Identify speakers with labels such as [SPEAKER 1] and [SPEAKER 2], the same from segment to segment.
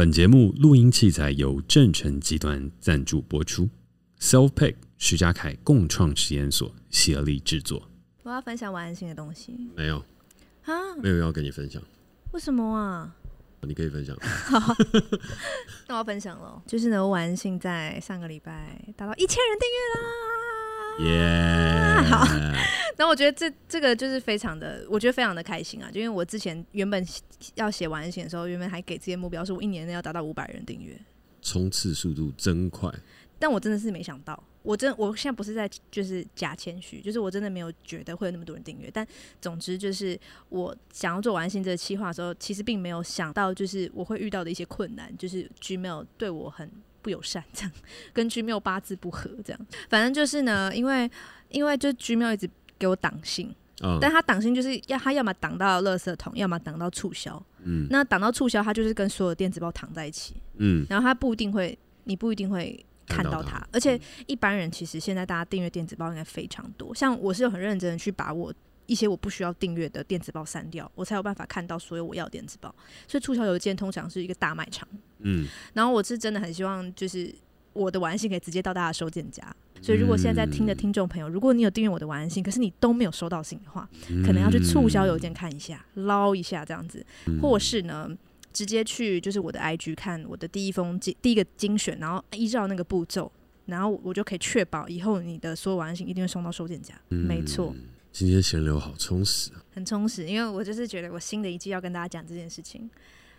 [SPEAKER 1] 本節目錄音器材由正成集團贊助播出 Self Pick 徐佳凱共創實驗所協力制作。
[SPEAKER 2] 我要分享晚安信的東西，沒有啊？沒有要跟你分享？為什麼啊？你可以分享。那 我要分享嘍， 就是呢，晚安信在上個禮拜達到一千人訂閱啦。
[SPEAKER 3] 耶、yeah！
[SPEAKER 2] 好，那我覺得這這個就是非常的，我覺得非常的開心啊！就因為我之前原本要寫完信的時候，原本還給自己目標是我一年內要達到五百人訂閱，
[SPEAKER 1] 衝刺速度真快。
[SPEAKER 2] 但我真的是沒想到，我真我現在不是在就是假謙虛，就是我真的沒有覺得會有那麼多人訂閱。但總之就是我想要做完信這個計劃的時候，其實並沒有想到就是我會遇到的一些困難，就是 Gmail 對我很。不友善，這樣跟 Gmail 八字不合，這樣反正就是呢，因為因為就 Gmail 一直給我擋信、哦，但他擋信就是要他要麼擋到垃圾桶，要麼擋到促銷、嗯，那擋到促銷，他就是跟所有電子報躺在一起、嗯，然後他不一定會，你不一定會看到他，而且一般人其實現在大家訂閱電子報應該非常多，像我是有很認真的去把握，一些我不需要訂閱的電子報刪掉，我才有辦法看到所有我要的電子報。所以促銷郵件通常是一個大賣場。嗯。然後我是真的很希望，就是我的晚安信可以直接到大家的收件夾。所以如果現在在聽的聽眾朋友，如果你有訂閱我的晚安信，可是你都沒有收到信的話，可能要去促銷郵件看一下，撈一下這樣子，或是呢直接去就是我的 IG 看我的第一封第一個精選，然後依照那個步驟，然後我就可以確保以後你的所有晚安信一定會送到收件夾。沒錯。
[SPEAKER 1] 今天閒聊好充實
[SPEAKER 2] 啊！很充實，因為我就是覺得我新的一季要跟大家講這件事情，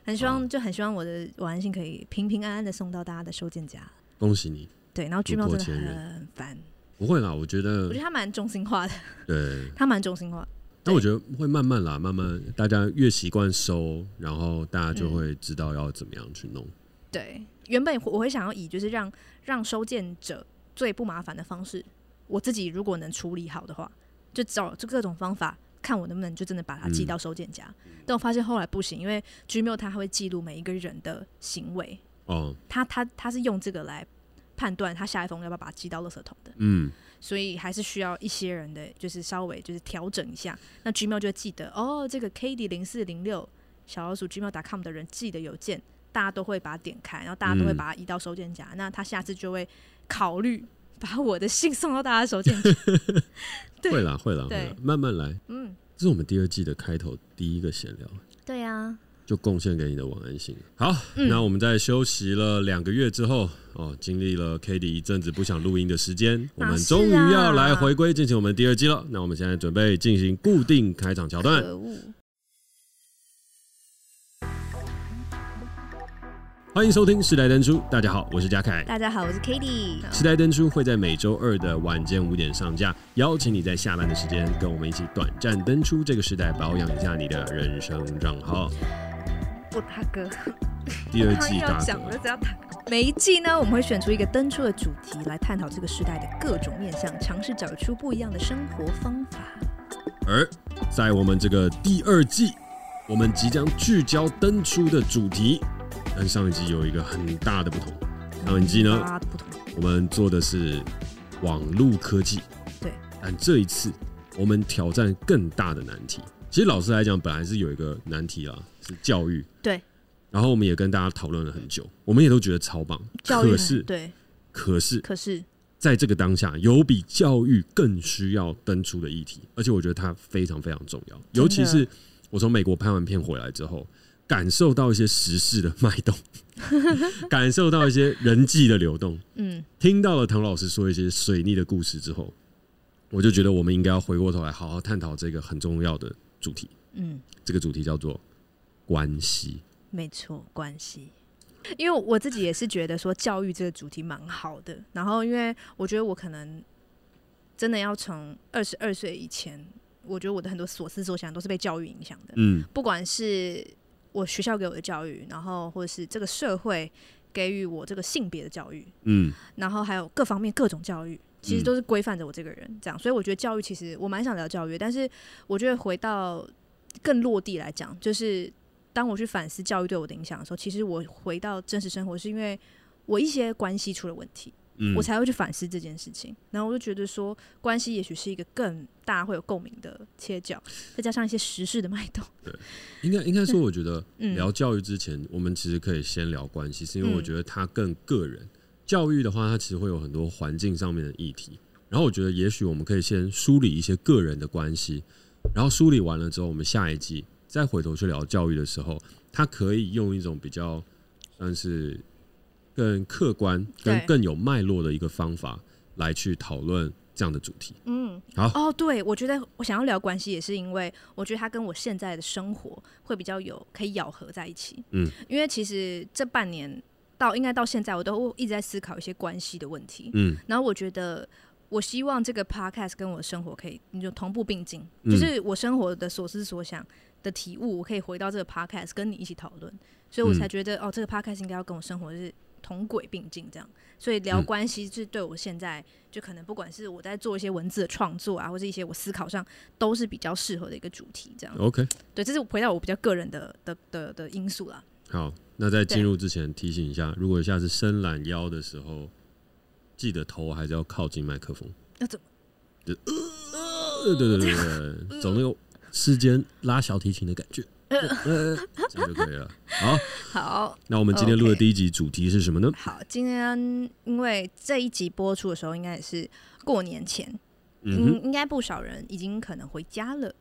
[SPEAKER 2] 很希望，啊、就很希望我的晚安信可以平平安安的送到大家的收件夾。
[SPEAKER 1] 恭喜你！
[SPEAKER 2] 對，然後巨貓真的很煩，
[SPEAKER 1] 不會啦，我覺得，我覺得
[SPEAKER 2] 他蠻中心化的，
[SPEAKER 1] 對，
[SPEAKER 2] 他蠻中心化。
[SPEAKER 1] 但我覺得會慢慢啦，慢慢大家越習慣收，然後大家就會知道要怎麼樣去弄。
[SPEAKER 2] 嗯、對，原本我會想要以就是讓讓收件者最不麻煩的方式，我自己如果能處理好的話。就找就各種方法看我能不能就真的把它寄到收件夾。嗯，但我發現後來不行，因為 Gmail 它還會記錄每一個人的行為。哦，他他他是用這個來判斷他下一封要不要把它寄到垃圾桶的。嗯，所以還是需要一些人的，就是稍微就是調整一下，那 Gmail 就會記得哦，這個 Cady 零四零六小老鼠 Gmail.com 的人寄的郵件，大家都會把它點開，然後大家都會把它移到收件夾。嗯，那他下次就會考慮。把我的信送到大家的手間去， 對，會啦會啦，慢慢來，嗯，
[SPEAKER 1] 這是我們第二季的開頭第一個閒聊，
[SPEAKER 2] 對呀，啊，
[SPEAKER 1] 就貢獻給你的晚安信。好，嗯，那我們在休息了兩個月之後，哦，經歷了 Cady 一陣子不想錄音的時間，
[SPEAKER 3] 我們終於要來
[SPEAKER 1] 回歸進行我們第二季了。啊啊那我們現在準備進行固定開場橋段。歡迎收聽世代登出，大家好，我是 Jack，大
[SPEAKER 2] 家好，我是 Cady。Oh. 世
[SPEAKER 1] 代登出會在每周二的晚間五點上架，邀請你在下班的時間跟我們一起短暫登出這個時代，保養一下你的人生賬號。
[SPEAKER 3] 我、oh, 大哥，
[SPEAKER 1] 第二季 要講
[SPEAKER 2] 大哥。每一季呢，我們會選出一個登出的主題來探討這個世代的各種面向，嘗試找出不一樣的生活方法。
[SPEAKER 1] 而在我們這個第二季，我們即將聚焦登出的主題。跟上一季有一個很大的不同。不同。上一季呢，我們做的是網路科技。
[SPEAKER 3] 對。
[SPEAKER 1] 但這一次，我們挑戰更大的難題。其實老實來講，本來是有一個難題啊，是教育。對。然後我們也跟大家討論了很久，我們也都覺得超棒。教育。對。可是，可是，在這個當下，有比教育更需要登出的議題，而且我覺得它非常非常重要。尤其是我從美國拍完片回來之後。感受到一些時事的脈動， 感受到一些人際的流動。嗯，聽到了唐老師說一些水逆的故事之後，嗯，我就覺得我們應該要回過頭來好好探討這個很重要的主題。嗯，這個主題叫做關係，
[SPEAKER 2] 沒錯，關係。因為我自己也是覺得說教育這個主題蠻好的。然後，因為我覺得我可能真的要從二十二歲以前，我覺得我的很多所思所想都是被教育影響的。嗯，不管是。我學校給我的教育，然後或者是這個社會給予我這個性別的教育，
[SPEAKER 3] 嗯，
[SPEAKER 2] 然後還有各方面各種教育，其實都是規範着我這個人，這樣，嗯。所以我覺得教育其實我蠻想聊教育，但是我覺得回到更落地來講，就是當我去反思教育對我的影響的時候，其實我回到真實生活是因為我一些關係出了問題。嗯、我才會去反思這件事情，然後我就覺得說，關係也許是一個更大會有共鳴的切角，再加上一些時事的脈動。
[SPEAKER 1] 對，應該應該說，我覺得聊教育之前、嗯嗯，我們其實可以先聊關係，是因為我覺得它更個人、嗯。教育的話，它其實會有很多環境上面的議題。然後我覺得，也許我們可以先梳理一些個人的關係，然後梳理完了之後，我們下一季再回頭去聊教育的時候，它可以用一種比較，但是。更客觀、跟更有脈絡的一個方法來去討論這樣的主題。
[SPEAKER 2] 嗯，好哦。Oh, 對我覺得我想要聊關係，也是因為我覺得它跟我現在的生活會比較有可以咬合在一起。嗯，因為其實這半年到應該到現在，我都一直在思考一些關係的問題。嗯，然後我覺得我希望這個 podcast 跟我的生活可以你就同步並進，嗯，就是我生活的所思所想的體悟，我可以回到這個 podcast 跟你一起討論，所以我才覺得，嗯，哦，這個 podcast 應該要跟我生活、就是。同軌並進，這樣，所以聊關係是對我現在、嗯、就可能不管是我在做一些文字的創作啊，或者一些我思考上，都是比較適合的一個主題，這樣。OK，對，這是我回到我比較個人的的的的因素啦。
[SPEAKER 1] 好，那在進入之前提醒一下，如果下次伸懶腰的時候，記得頭還是要靠近麥克風。要怎麼？對、呃呃，對對對對，對、 呃，總有時間拉小提琴的感覺。
[SPEAKER 3] 呃，這就可以了。好，好，那我們今天錄的
[SPEAKER 1] 第一集主題是什麼呢？Okay. 好，
[SPEAKER 2] 今天啊，因為這一集播出的時候應該也是過年前，嗯，嗯，應該不少人已經可能回家了。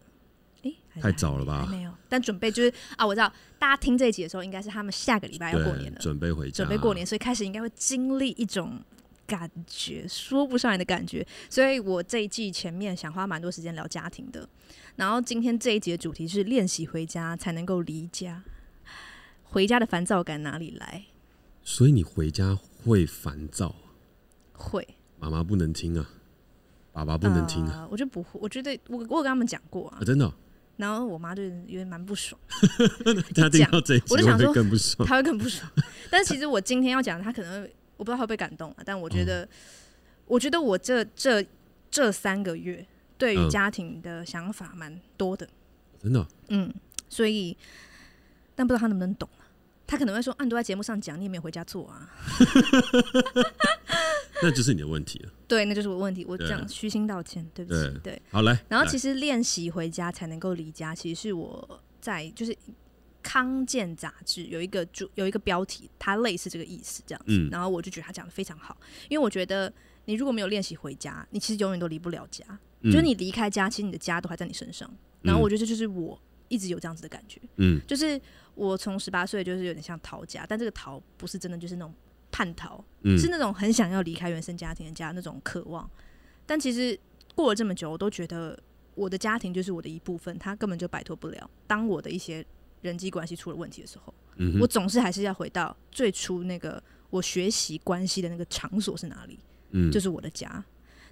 [SPEAKER 2] 哎，
[SPEAKER 3] 太早了吧？沒有，
[SPEAKER 2] 但準備就是啊，我知道大家聽這一集的時候，應該是他們下個禮拜要過年了，
[SPEAKER 1] 準備回家，準備過
[SPEAKER 2] 年，所以開始應該會經歷一種。感覺說不上來的感覺，所以我這一季前面想花蠻多時間聊家庭的。然後今天這一集的主題是練習回家才能夠離家，回家的煩躁感哪裡來？
[SPEAKER 1] 所以你回家會煩躁？
[SPEAKER 2] 會，
[SPEAKER 1] 媽媽不能聽啊，爸爸不能聽啊。
[SPEAKER 2] 呃、我覺得不會，我覺得我我有跟他們講過啊，啊真的。然後我媽就有點蠻不爽， 他聽到這一集我就想說更不爽， 他,會不爽 他會更不爽。但其實我今天要講的，他可能會。我不知道他會不會感動。啊，但我覺得，嗯、我覺得我這這這三個月對於家庭的想法蠻多的，真、嗯、
[SPEAKER 3] 的，
[SPEAKER 1] 嗯，
[SPEAKER 2] 所以，但不知道他能不能懂。啊，他可能會說，按、啊、都在節目上講，你也沒有回家做啊，
[SPEAKER 1] 那就是你的問題了，
[SPEAKER 2] 對，那就是我的問題，我這樣虛心道歉，對不起，對，對好嘞，然後其實練習回家才能夠離家，其實是我在就是。康健雜誌有一個主有一個標題，它類似這個意思這樣子。子、嗯。然後我就覺得他講得非常好，因為我覺得你如果沒有練習回家，你其實永遠都離不了家。嗯，就是你離開家，其實你的家都還在你身上。然後我覺得就是我一直有這樣子的感覺，嗯，就是我從十八歲就是有點像逃家，但這個逃不是真的就是那種叛逃，嗯，是那種很想要離開原生家庭的家那種渴望。但其實過了這麼久，我都覺得我的家庭就是我的一部分，他根本就擺脫不了。當我的一些人際關係出了問題的時候，嗯，我總是還是要回到最初那個我學習關係的那個場所是哪裡，嗯。就是我的家。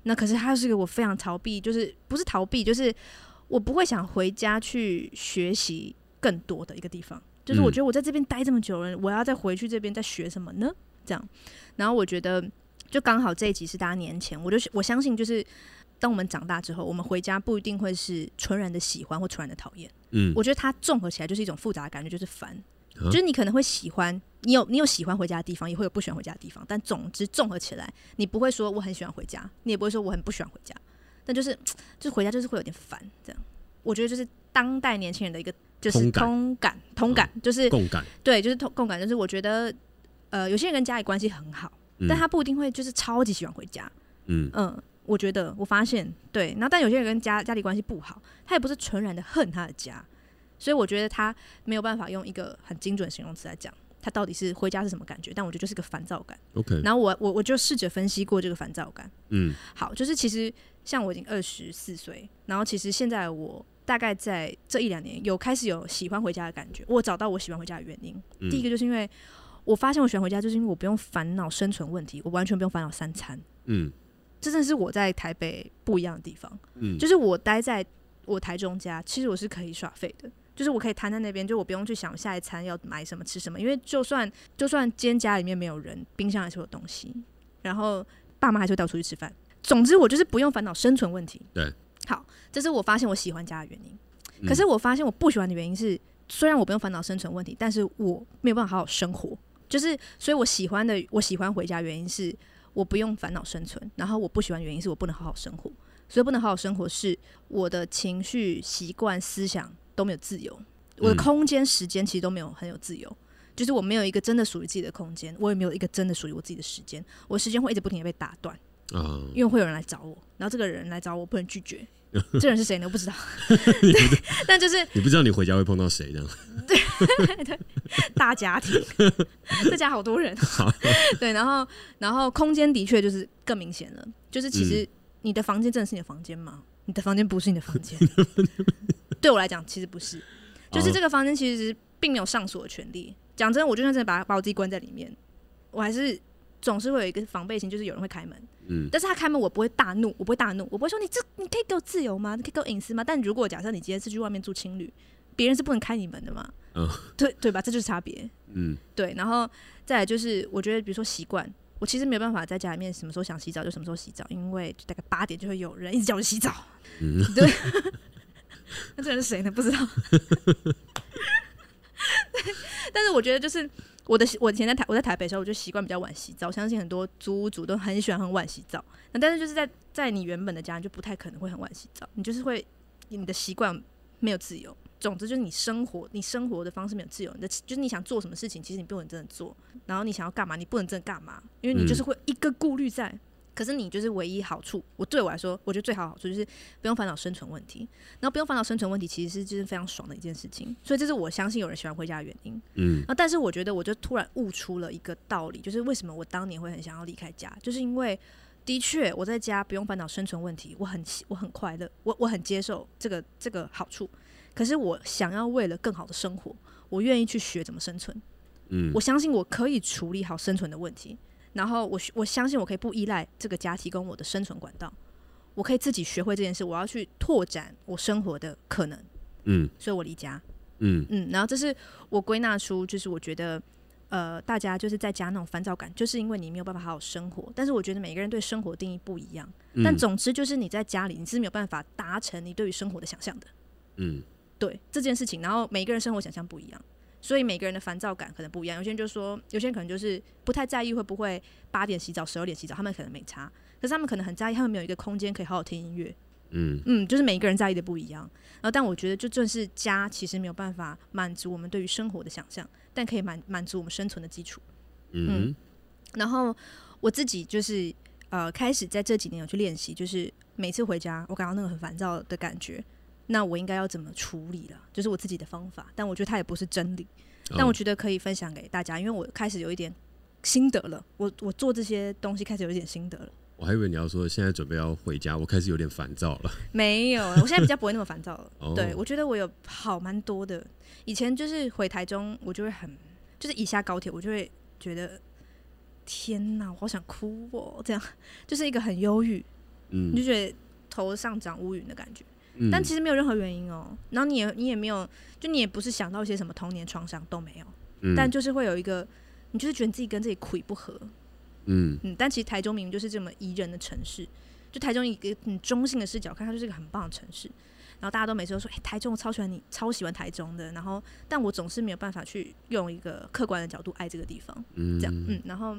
[SPEAKER 2] 那可是它是一個我非常逃避，就是不是逃避，就是我不會想回家去學習更多的一個地方。就是我覺得我在這邊待這麼久了，我要再回去這邊再學什麼呢？這樣。然後我覺得，就剛好這一集是大家年前，我就我相信就是。當我們長大之後，我們回家不一定會是純然的喜歡或純然的討厭。嗯，我覺得它綜合起來就是一種複雜的感覺，就是煩、啊。就是你可能會喜歡，你有你有喜歡回家的地方，也會有不喜歡回家的地方。但總之綜合起來，你不會說我很喜歡回家，你也不會說我很不喜歡回家。但就是，就是回家就是會有點煩。這樣，我覺得就是當代年輕人的一個就是通感，通感，通感、啊、就是共感，對，就是共感。就是我覺得，呃，有些人跟家裡關係很好、嗯，但他不一定會就是超級喜歡回家。嗯嗯。我覺得我發現，對，然後但有些人跟家家裡關係不好，他也不是純然的恨他的家，所以我覺得他沒有辦法用一個很精準的形容詞來講他到底是回家是什麼感覺，但我覺得就是一個煩躁感。OK，然後我我我就試着分析過這個煩躁感。嗯，好，就是其實像我已經二十四歲，然後其實現在我大概在這一兩年有開始有喜歡回家的感覺，我找到我喜歡回家的原因。嗯，第一個就是因為我發現我喜歡回家，就是因為我不用煩惱生存問題，我完全不用煩惱三餐。嗯。這真是我在台北不一樣的地方。嗯，就是我待在我台中家，其實我是可以耍廢的，就是我可以攤在那邊，就我不用去想下一餐要買什麼吃什麼，因為就算就算今天家裡面沒有人，冰箱還是有東西，然後爸媽還是會帶我出去吃飯。總之，我就是不用煩惱生存問題。對，好，這是我發現我喜歡家的原因。可是我發現我不喜歡的原因是，雖然我不用煩惱生存問題，但是我沒有辦法好好生活。就是，所以我喜歡的，我喜歡回家，原因是。我不用煩惱生存，然後我不喜歡原因，是我不能好好生活，所以不能好好生活是我的情緒、習慣、思想都沒有自由，我的空間、嗯、時間其實都沒有很有自由，就是我沒有一個真的屬於自己的空間，我也沒有一個真的屬於我自己的時間，我時間會一直不停的被打斷、嗯，因為會有人來找我，然後這個人來找我不能拒絕。這人是誰呢？我不知道。 你的 對，但就是，
[SPEAKER 1] 你不知道你回家會碰到誰這
[SPEAKER 2] 樣。 對，大家庭， 這家好多人。 對，然後然後空間的確就是更明顯了。就是其實你的房間真的是你的房間嗎？你的房間不是你的房間。 對我來講，其實不是，就是這個房間其實並沒有上鎖的權利。講真的，我就算是把把我自己關在裡面，我還是總是會有一個防備心，就是有人會開門。嗯，但是他開門我不會大怒，我不會大怒，我不會說，你這你可以給我自由嗎？你可以給我隱私嗎？但如果假設你今天是去外面住青旅，別人是不能開你門的嘛。哦、對對吧？這就是差別。嗯，對。然後再來就是，我覺得比如說習慣，我其實沒有辦法在家裡面什麼時候想洗澡就什麼時候洗澡，因為大概八點就會有人一直叫我洗澡。嗯，對。那這人是誰呢？不知道。但是我覺得就是。我的我以前在台我在台北的時候，我就習慣比較晚洗澡。我相信很多租屋族都很喜歡很晚洗澡，那但是就是在在你原本的家，你就不太可能會很晚洗澡。你就是會你的習慣沒有自由，總之就是你生活你生活的方式沒有自由。你的就是你想做什麼事情，其實你不能真的做。然後你想要幹嘛，你不能真的幹嘛，因為你就是會一個顧慮在。可是你就是唯一好處，我對我來說，我覺得最好好處就是不用煩惱生存問題。然後不用煩惱生存問題，其實是就是非常爽的一件事情。所以這是我相信有人喜歡回家的原因。嗯，啊，但是我覺得我就突然悟出了一個道理，就是為什麼我當年會很想要離開家，就是因為的確我在家不用煩惱生存問題，我很我很快樂，我我很接受這個這個好處。可是我想要為了更好的生活，我願意去學怎麼生存。嗯，
[SPEAKER 3] 我相
[SPEAKER 2] 信我可以處理好生存的問題。然後我我相信我可以不依賴這個家提供我的生存管道，我可以自己學會這件事，我要去拓展我生活的可能。嗯，所以我離家。嗯嗯，然後這是我歸納出，就是我覺得，呃，大家就是在家那種煩躁感，就是因為你沒有辦法好好生活。但是我覺得每個人對生活的定義不一樣。嗯，但總之就是你在家裡你是沒有辦法達成你對於生活的想象的。嗯，對這件事情，然後每個人生活想象不一樣。所以每個人的煩躁感可能不一樣，有些人就說，有些人可能就是不太在意會不會八點洗澡、十二點洗澡，他們可能沒差，可是他們可能很在意，他們沒有一個空間可以好好聽音樂。
[SPEAKER 3] 嗯
[SPEAKER 2] 嗯，就是每一個人在意的不一樣。然後，但我覺得就正是家其實沒有辦法滿足我們對於生活的想象，但可以滿滿足我們生存的基礎，嗯。
[SPEAKER 3] 嗯，
[SPEAKER 2] 然後我自己就是呃，開始在這幾年有去練習，就是每次回家，我感到那個很煩躁的感覺。那我應該要怎麼處理了？就是我自己的方法，但我覺得它也不是真理，哦，但我覺得可以分享給大家，因為我開始有一點心得了。我我做這些東西開始有一點心得了。
[SPEAKER 1] 我還以為你要說現在準備要回家，我開始有點煩躁了。
[SPEAKER 2] 沒有，我現在比較不會那麼煩躁了。 對，我覺得我有好蠻多的。以前就是回台中，我就會很就是一下高鐵，我就會覺得天哪，我好想哭哦，喔，這樣就是一個很憂鬱，
[SPEAKER 3] 嗯，你就覺
[SPEAKER 2] 得頭上長烏雲的感覺。但其實沒有任何原因哦、喔嗯，然後你也你也沒有，就你也不是想到一些什麼童年創傷都沒有、嗯，但就是會有一個，你就是覺得自己跟自己以不合。嗯，但其實台中明明就是這麼宜人的城市，就台中以一個很中性的視角看，它就是一個很棒的城市，然後大家都每次都說、欸、台中我超喜歡你，超喜歡台中的，然後但我總是沒有辦法去用一個客觀的角度愛這個地方，嗯，這樣嗯，然後，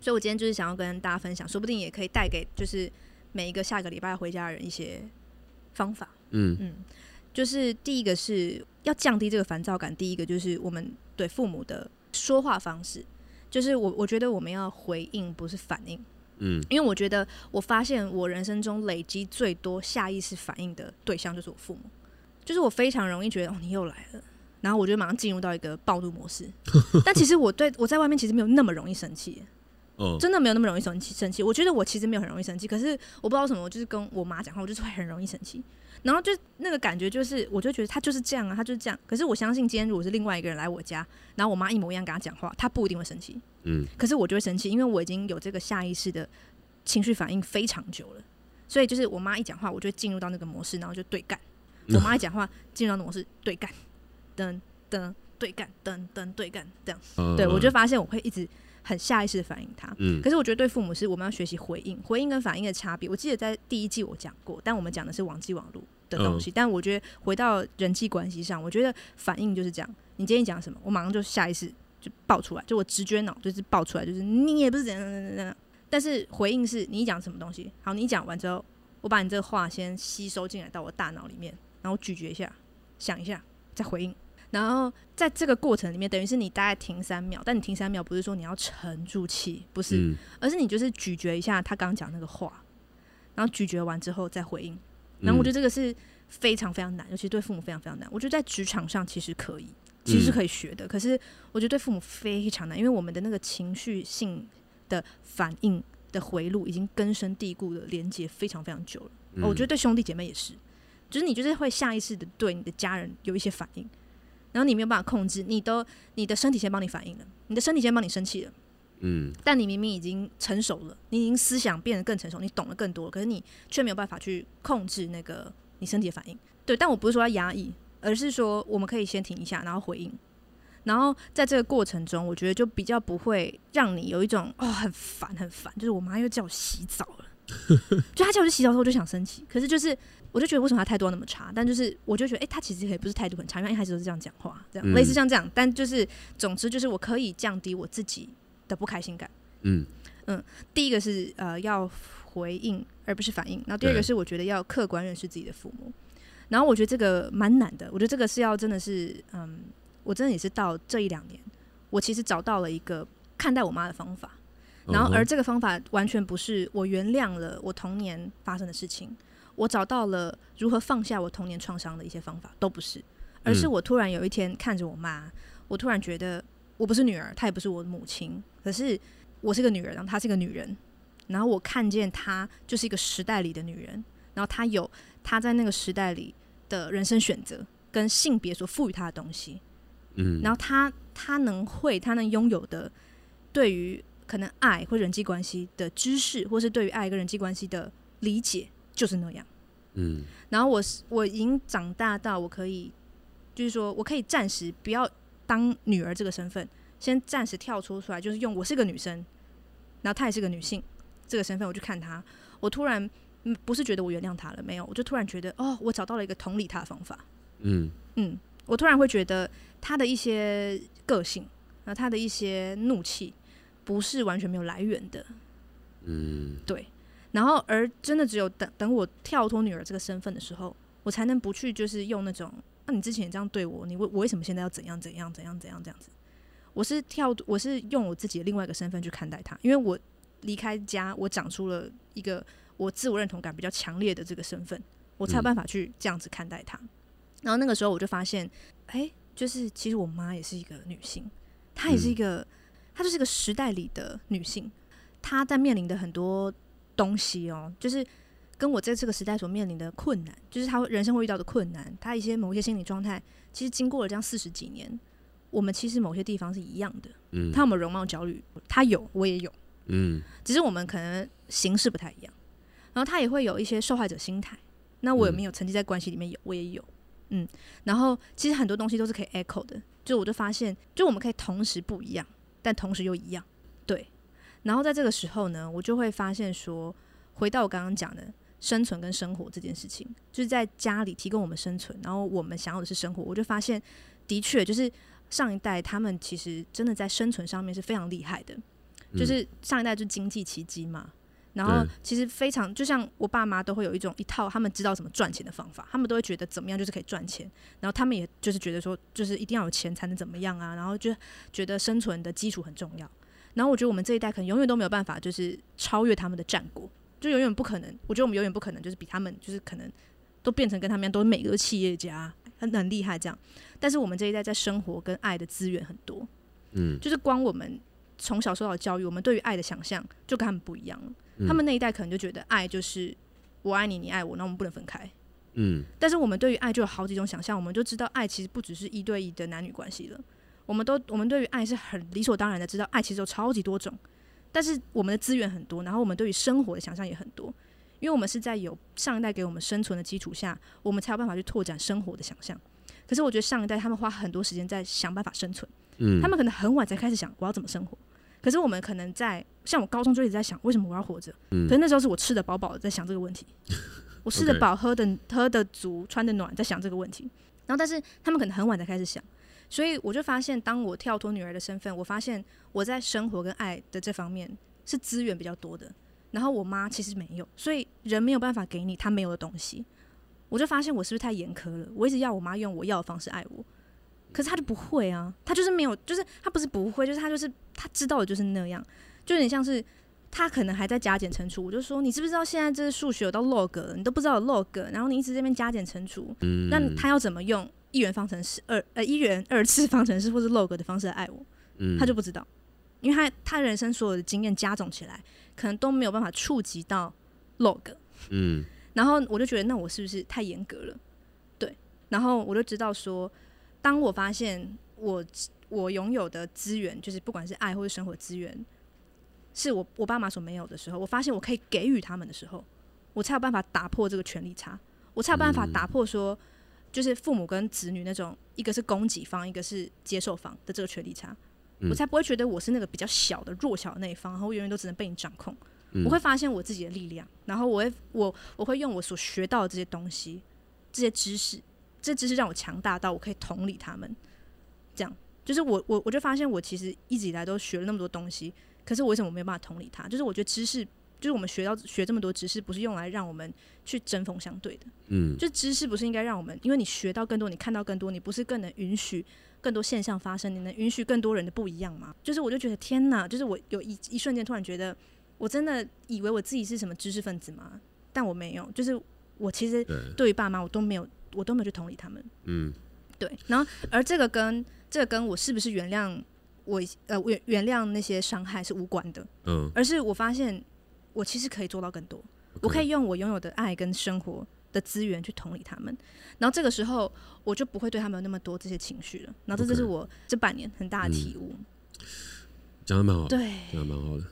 [SPEAKER 2] 所以我今天就是想要跟大家分享，說不定也可以帶給就是每一個下個禮拜回家的人一些。方法，嗯嗯，就是第一個是要降低這個煩躁感。第一個就是我們對父母的說話方式，就是我我覺得我們要回應，不是反應，嗯，因為我覺得我發現我人生中累積最多下意識反應的對象就是我父母，就是我非常容易覺得哦，你又來了，然後我就馬上進入到一個暴怒模式。 但其實我對我在外面其實沒有那麼容易生氣。Oh. 真的沒有那麼容易生氣，生氣。我覺得我其實沒有很容易生氣，可是我不知道為什麼，我就是跟我媽講話，我就是會很容易生氣。然後就那個感覺就是，我就覺得她就是這樣啊，她就是這樣。可是我相信今天如果是另外一個人來我家，然後我媽一模一樣跟她講話，她不一定會生氣。嗯。可是我就會生氣，因為我已經有這個下意識的情緒反應非常久了。所以就是我媽一講話，我就進入到那個模式，然後就對幹。嗯。所以我媽一講話，進入到那個模式對幹，噔噔對幹，噔噔對幹這樣。對，對，Oh. 對我就發現我會一直。很下意識的反應他、嗯，可是我覺得對父母是，我們要學習回應，回應跟反應的差別。我記得在第一季我講過，但我們講的是網際網絡的東西、嗯，但我覺得回到人際關係上，我覺得反應就是這樣，你今天講什麼，我馬上就下意識就爆出來，就我直覺腦就是爆出來，就是你也不是怎樣怎樣怎樣,怎樣，但是回應是你講什麼東西，好，你講完之後，我把你這個話先吸收進來到我大腦裡面，然後咀嚼一下，想一下，再回應。然後在這個過程裡面，等於是你大概停三秒，但你停三秒不是說你要沉住氣，不是，嗯、而是你就是咀嚼一下他剛剛講的那個話，然後咀嚼完之後再回應、
[SPEAKER 3] 嗯。然後我覺得這
[SPEAKER 2] 個是非常非常難，尤其對父母非常非常難。我覺得在職場上其實可以，其實是可以學的、嗯。可是我覺得對父母非常難，因為我們的那個情緒性的反應的回路已經根深蒂固的連接非常非常久了。嗯、我覺得對兄弟姐妹也是，就是你就是會下意識的對你的家人有一些反應。然後你沒有辦法控制，你都你的身體先幫你反應了，你的身體先幫你生氣了，嗯。但你明明已經成熟了，你已經思想變得更成熟，你懂得更多了，可是你卻沒有辦法去控制那個你身體的反應。對，但我不是說要壓抑，而是說我們可以先停一下，然後回應。然後在這個過程中，我覺得就比較不會讓你有一種哦很煩很煩，就是我媽又叫我洗澡了，就她叫我洗澡的時候我就想生氣，可是就是。我就覺得為什麼他態度要那麼差？但就是我就覺得，哎、欸，他其實也不是態度很差，因為一開始都是這樣講話，這樣、嗯、類似像這樣。但就是總之就是，我可以降低我自己的不開心感。嗯嗯。第一個是呃要回應而不是反應，然後第二個是我覺得要客觀認識自己的父母。然後我覺得這個蠻難的，我覺得這個是要真的是嗯，我真的也是到這一兩年，我其實找到了一個看待我媽的方法。
[SPEAKER 3] 然後而這
[SPEAKER 2] 個方法完全不是我原諒了我童年發生的事情。我找到了如何放下我童年創傷的一些方法，都不是，而是我突然有一天看着我媽、嗯，我突然覺得我不是女兒，她也不是我的母親，可是我是個女人，然後她是個女人，然後我看見她就是一個時代裡的女人，然後她有她在那個時代裡的人生選擇跟性別所賦予她的東西，嗯，然後她她能會她能擁有的對於可能愛或人際關係的知識，或是對於愛跟人際關係的理解，就是那樣。嗯，然後我是我已經長大到我可以，就是說我可以暫時不要當女兒這個身份，先暫時跳出出來，就是用我是個女生，然後她也是個女性這個身份，我去看她，我突然不是覺得我原諒她了沒有，我就突然覺得哦，我找到了一個同理她的方法，嗯嗯，我突然會覺得她的一些個性，然後她的一些怒氣不是完全沒有來源的，嗯，對。然後，而真的只有等等我跳脫女兒這個身份的時候，我才能不去就是用那種，那、啊、你之前也這樣對我，你為我為什麼現在要怎樣怎樣怎樣怎樣這樣，這樣子？我是跳，我是用我自己的另外一個身份去看待她，因為我離開家，我長出了一個我自我認同感比較強烈的這個身份，我才有辦法去這樣子看待她。嗯、然後那個時候我就發現，哎，就是其實我媽也是一個女性，她也是一個，嗯、她就是一個時代裡的女性，她在面臨的很多，東西哦，就是跟我在這個時代所面臨的困難，就是他人生會遇到的困難，他一些某些心理狀態，其實經過了這樣四十幾年，我們其實某些地方是一樣的。嗯，他有沒有容貌焦慮，他有，我也有。
[SPEAKER 3] 嗯，
[SPEAKER 2] 只是我們可能形式不太一樣。然後他也會有一些受害者心態，那我有沒有沉浸在關係裡面有，我也有。嗯，然後其實很多東西都是可以 echo 的，就我就發現，就我們可以同時不一樣，但同時又一樣。然後在這個時候呢，我就會發現說，回到我剛剛講的生存跟生活這件事情，就是在家裡提供我們生存，然後我們想要的是生活。我就發現，的確就是上一代他們其實真的在生存上面是非常厲害的，嗯、就是上一代就經濟奇蹟嘛。然後其實非常，就像我爸媽都會有一種一套，他們知道怎麼賺錢的方法，他們都會覺得怎麼樣就是可以賺錢，然後他們也就是覺得說，就是一定要有錢才能怎麼樣啊，然後就覺得生存的基礎很重要。然後我覺得我們這一代可能永遠都沒有辦法，就是超越他們的戰果，就永遠不可能。我覺得我們永遠不可能，就是比他們，就是可能都變成跟他們一樣，都是每個企業家很很厲害這樣。但是我們這一代在生活跟愛的資源很多，嗯，就是光我們從小受到教育，我們對於愛的想象就跟他們不一樣了，嗯。他們那一代可能就覺得愛就是我愛你，你愛我，那我們不能分開。嗯，但是我們對於愛就有好幾種想象，我們就知道愛其實不只是一對一的男女關係了。我們都，我們對於愛是很理所當然的，知道愛其實有超級多種，但是我們的資源很多，然後我們對於生活的想象也很多，因為我們是在有上一代給我們生存的基礎下，我們才有辦法去拓展生活的想象。可是我覺得上一代他們花很多時間在想辦法生存，嗯，他們可能很晚才開始想我要怎麼生活。可是我們可能在像我高中就一直在想為什麼我要活着，嗯，可是那時候是我吃得飽飽的在想這個問題，嗯，
[SPEAKER 3] 我吃得飽，
[SPEAKER 2] 喝得喝得足，穿得暖在想這個問題。然後但是他們可能很晚才開始想。所以我就發現，當我跳脫女兒的身份，我發現我在生活跟愛的這方面是資源比較多的。然後我媽其實沒有，所以人沒有辦法給你她沒有的東西。我就發現我是不是太嚴苛了？我一直要我媽用我要的方式愛我，可是她就不會啊，她就是沒有，就是她不是不會，就是她就是她知道的就是那樣，就有點像是她可能還在加減乘除。我就說，你知不知道現在這數學有到 log 了？你都不知道有 log，然後你一直這邊加減乘除，那她要怎麼用？一元方程式，二呃一元二次方程式，或是 log 的方式來愛我，嗯，他就不知道，因為他他人生所有的經驗加總起來，可能都沒有辦法觸及到 log，嗯，然後我就覺得那我是不是太嚴格了？對，然後我就知道說，當我發現我我擁有的資源，就是不管是愛或者生活資源，是我我爸媽所沒有的時候，我發現我可以給予他們的時候，我才有辦法打破這個權力差，我才有辦法打破說。嗯嗯就是父母跟子女那種，一個是供給方，一個是接受方的這個權力差，嗯、我才不會覺得我是那個比較小的弱小的那一方，然後我永遠都只能被你掌控、嗯。我會發現我自己的力量，然後我會我我會用我所學到的這些東西，這些知識，這知識讓我強大到我可以同理他們。這樣，就是我我我就發現我其實一直以來都學了那麼多東西，可是我為什麼我沒有辦法同理他？就是我覺得知識。就是我們學到學這麼多知識，不是用來讓我們去針鋒相對的，嗯，就知識不是應該讓我們，因為你學到更多，你看到更多，你不是更能允許更多現象發生，你能允許更多人的不一樣嗎？就是我就覺得天哪，就是我有一一瞬間突然覺得，我真的以為我自己是什麼知識分子嗎，但我沒有，就是我其實對於爸媽我都沒有，我都沒有去同理他們，嗯，對，然後而這個跟這個跟我是不是原諒我呃我原原諒那些傷害是無關的，嗯，而是我發現。我其實可以做到更多，Okay. 我可以用我擁有的愛跟生活的資源去同理他們，然後這個時候我就不會對他們有那麼多這些情緒了，然後這就是我這半年很大的體悟。
[SPEAKER 1] 講的蠻好，對，講蠻好的。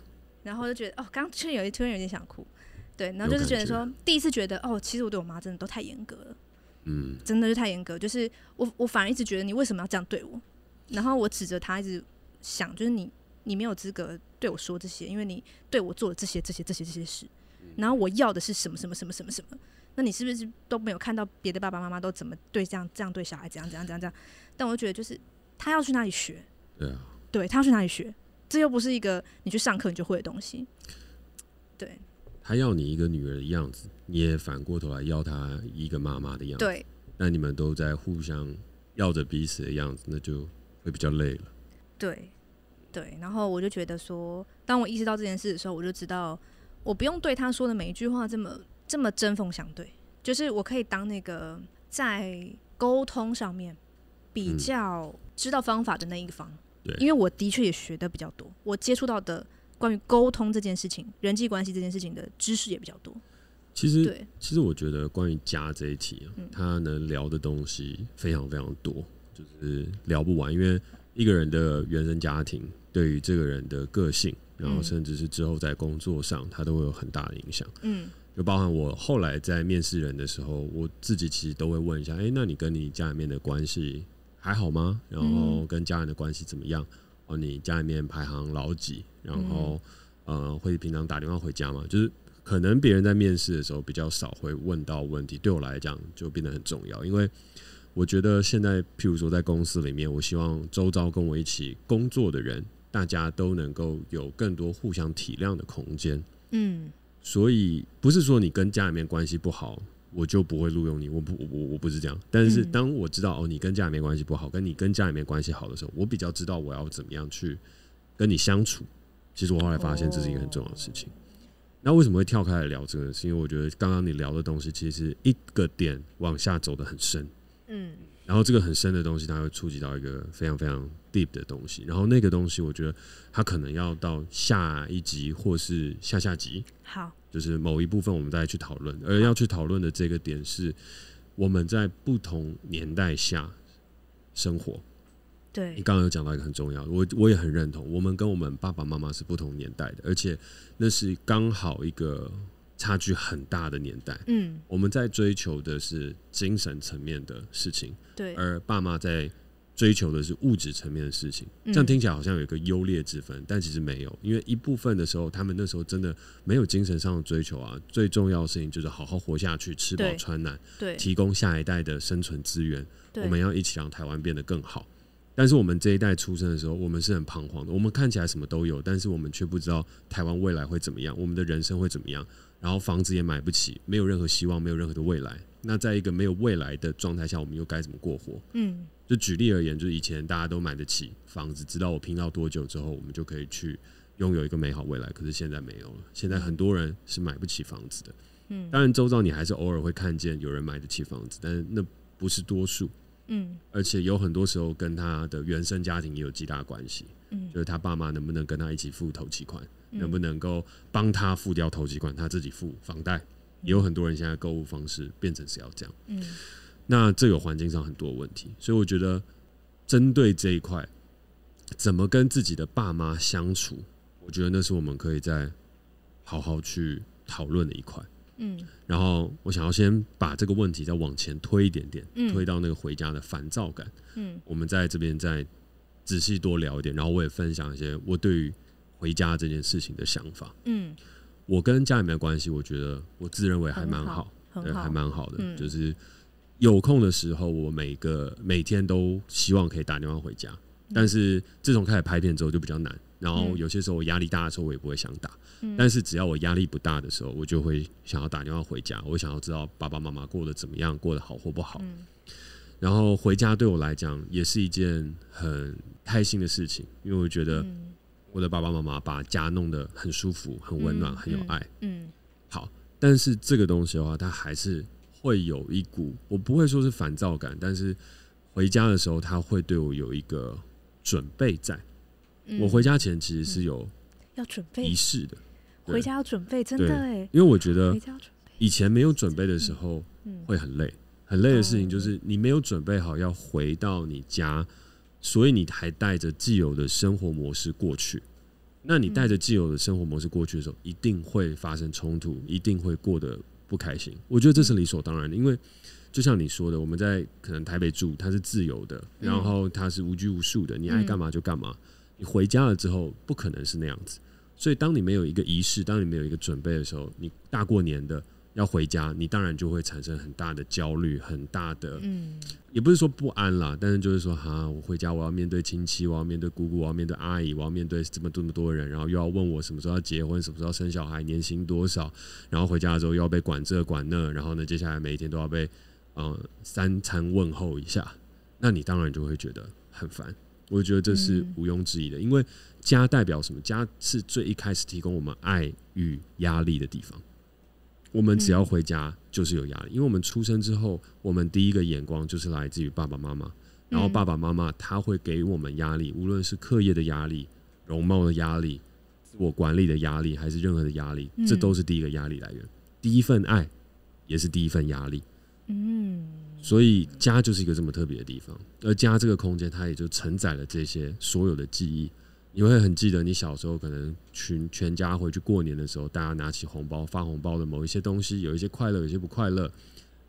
[SPEAKER 2] 然後就覺得，哦，剛確實有突然有點想哭，對，然後就是覺得說有感覺，第一次覺得，哦，其實我對我媽真的都太嚴格了，
[SPEAKER 3] 嗯，
[SPEAKER 2] 真的是太嚴格，就是我我反而一直覺得，你為什麼要這樣對我？然後我指著他，一直想，就是你你沒有資格。對我說這些，因為你對我做了這些、這些、這些、這些事，然後我要的是什麼、什麼、什麼、什麼、什麼？那你是不是都沒有看到別的爸爸媽媽都怎麼對這樣、這樣對小孩，怎樣、怎樣、怎樣？但我覺得，就是他要去哪裡學，
[SPEAKER 3] 對啊，對
[SPEAKER 2] 他要去哪裡學，這又不是一個你去上課你就會的東西，對。
[SPEAKER 1] 他要你一個女兒的樣子，你也反過頭來要他一個媽媽的樣子，對。那你們都在互相要着彼此的樣子，那就會比較累了，
[SPEAKER 2] 對。對，然後我就覺得說，當我意識到這件事的時候，我就知道我不用對他說的每一句話這麼這麼針鋒相對，就是我可以當那個在溝通上面比較知道方法的那一方。嗯、對，因為我的確也學的比較多，我接觸到的關於溝通這件事情、人際關係這件事情的知識也比較多。其實，對，
[SPEAKER 1] 其實我覺得關於家這一題、啊嗯，他能聊的東西非常非常多，就是聊不完，因為。一個人的原生家庭對於這個人的個性，然後甚至是之後在工作上，他、嗯、都會有很大的影響。嗯，就包含我後來在面試人的時候，我自己其實都會問一下，哎、欸，那你跟你家裡面的關係還好嗎？然後跟家人的關係怎麼樣？哦，你家裡面排行老幾？然後、嗯，呃，會平常打電話回家嗎？就是可能別人在面試的時候比較少會問到問題，對我來講就變得很重要，因為。我覺得現在，譬如說在公司裡面，我希望周遭跟我一起工作的人，大家都能夠有更多互相體諒的空間。嗯，所以不是說你跟家裡面關係不好，我就不會錄用你。我不，我不我不是這樣。但是當我知道、嗯、哦，你跟家裡面關係不好，跟你跟家裡面關係好的時候，我比較知道我要怎麼樣去跟你相處。其實我後來發現這是一個很重要的事情。哦、那為什麼會跳開來聊這個？是因為我覺得剛剛你聊的東西，其實是一個點往下走得很深。嗯，然後這個很深的東西，它會觸及到一個非常非常 deep 的東西。然後那個東西，我覺得它可能要到下一集或是下下集，好，就是某一部分我們再去討論。而要去討論的這個點是，我們在不同年代下生活。
[SPEAKER 3] 對，你剛
[SPEAKER 1] 剛有講到一個很重要，我我也很認同。我們跟我們爸爸媽媽是不同年代的，而且那是剛好一個。差距很大的年代，嗯，我們在追求的是精神層面的事情，對，而爸媽在追求的是物質層面的事情，嗯。這樣聽起來好像有一個優劣之分，但其實沒有，因為一部分的時候，他們那時候真的沒有精神上的追求啊。最重要的事情就是好好活下去，吃飽穿暖，對，提供下一代的生存資源，對。我們要一起讓台灣變得更好。但是我們這一代出生的時候，我們是很彷徨的。我們看起來什麼都有，但是我們卻不知道台灣未來會怎麼樣，我們的人生會怎麼樣。然後房子也買不起，沒有任何希望，沒有任何的未來。那在一個沒有未來的狀態下，我們又該怎麼過活？嗯，就舉例而言，就是以前大家都買得起房子，知道我拼到多久之後，我們就可以去擁有一個美好未來。可是現在沒有了，現在很多人是買不起房子的。嗯，當然周遭你還是偶爾會看見有人買得起房子，但是那不是多數。嗯，而且有很多時候跟他的原生家庭也有極大關係。嗯，就是他爸媽能不能跟他一起付頭期款？能不能夠幫他付掉頭期款，嗯，他自己付房貸？也、嗯、有很多人現在購物方式變成是要這樣。嗯、那這個環境上很多問題，所以我覺得針對這一塊，怎麼跟自己的爸媽相處，我覺得那是我們可以再好好去討論的一塊。嗯，然後我想要先把這個問題再往前推一點點，嗯、推到那個回家的煩躁感。嗯，我們在這邊再仔細多聊一點，然後我也分享一些我對於。回家這件事情的想法，嗯，我跟家裡面的關係，我覺得我自認為還蠻好，
[SPEAKER 3] 好，對，還蠻好的、嗯。就是
[SPEAKER 1] 有空的時候，我每個每天都希望可以打電話回家。嗯、但是自從開始拍片之後，就比較難。然後有些時候我壓力大的時候，我也不會想打。嗯、但是只要我壓力不大的時候，我就會想要打電話回家。我想要知道爸爸媽媽過得怎麼樣，過得好或不好、嗯。然後回家對我來講也是一件很開心的事情，因為我覺得、嗯。我的爸爸媽媽把家弄得很舒服、很溫暖、嗯、很有愛嗯。嗯，好，但是這個東西的話，它還是會有一股，我不會說是煩躁感，但是回家的時候，他會對我有一個準備在，在、嗯、
[SPEAKER 3] 我回
[SPEAKER 1] 家前其實是有、嗯、
[SPEAKER 2] 要準備儀式的，回家要準備真的哎。因為我覺得
[SPEAKER 1] 以前沒有準備的時候，會很累，很累的事情就是你沒有準備好要回到你家。所以你還帶着自由的生活模式過去，那你帶着自由的生活模式過去的時候，一定會發生衝突，一定會過得不開心。我覺得這是理所當然的，因為就像你說的，我們在可能台北住，它是自由的，然後它是無拘無束的，嗯、你愛幹嘛就幹嘛、嗯。你回家了之後，不可能是那樣子。所以當你沒有一個儀式，當你沒有一個準備的時候，你大過年的。要回家，你當然就會產生很大的焦慮，很大的，
[SPEAKER 3] 嗯，
[SPEAKER 1] 也不是說不安啦，但是就是說，哈，我回家我要面對親戚，我要面對姑姑，我要面對阿姨，我要面對這麼這麼多人，然後又要問我什麼時候要結婚，什麼時候生小孩，年薪多少，然後回家的時候又要被管這管那，然後呢，接下來每一天都要被、呃、三餐問候一下，那你當然就會覺得很煩。我覺得這是毋庸置疑的、嗯，因為家代表什麼？家是最一開始提供我們愛與壓力的地方。我們只要回家，嗯，就是有壓力，因為我們出生之後，我們第一個眼光就是來自於爸爸媽媽，然後爸爸媽媽他會給我們壓力，無論是課業的壓力、容貌的壓力、自我管理的壓力，還是任何的壓力，這都是第一個壓力來源，嗯。第一份愛也是第一份壓力，嗯，所以家就是一個這麼特別的地方，而家這個空間，它也就承載了這些所有的記憶。你會很記得你小時候，可能全全家回去過年的時候，大家拿起紅包發紅包的某一些東西，有一些快樂，有些不快樂。